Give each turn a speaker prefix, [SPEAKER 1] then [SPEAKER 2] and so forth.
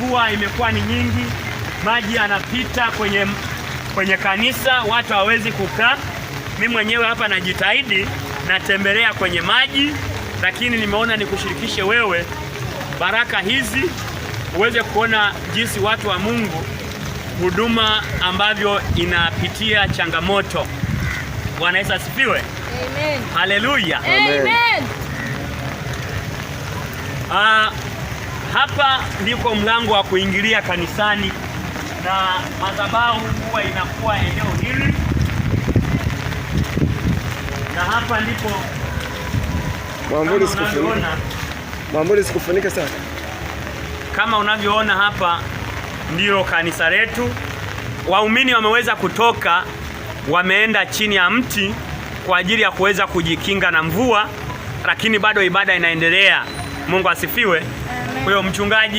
[SPEAKER 1] mvua imekuwa ni nyingi, maji yanapita kwenye, kwenye kanisa, watu hawawezi kukaa. mi mwenyewe hapa najitahidi, natembelea kwenye maji, lakini nimeona nikushirikishe wewe baraka hizi uweze kuona jinsi watu wa Mungu huduma ambavyo inapitia changamoto. Bwana Yesu asifiwe. Amen. Haleluya.
[SPEAKER 2] Amen. Amen.
[SPEAKER 1] Uh, hapa ndiko mlango wa kuingilia kanisani, na madhabahu huwa inakuwa eneo hili, na hapa ndipo
[SPEAKER 3] mwambuli sikufunika sana.
[SPEAKER 1] Kama unavyoona hapa ndio kanisa letu. Waumini wameweza kutoka, wameenda chini ya mti kwa ajili ya kuweza kujikinga na mvua, lakini bado ibada inaendelea. Mungu asifiwe. Huyo mchungaji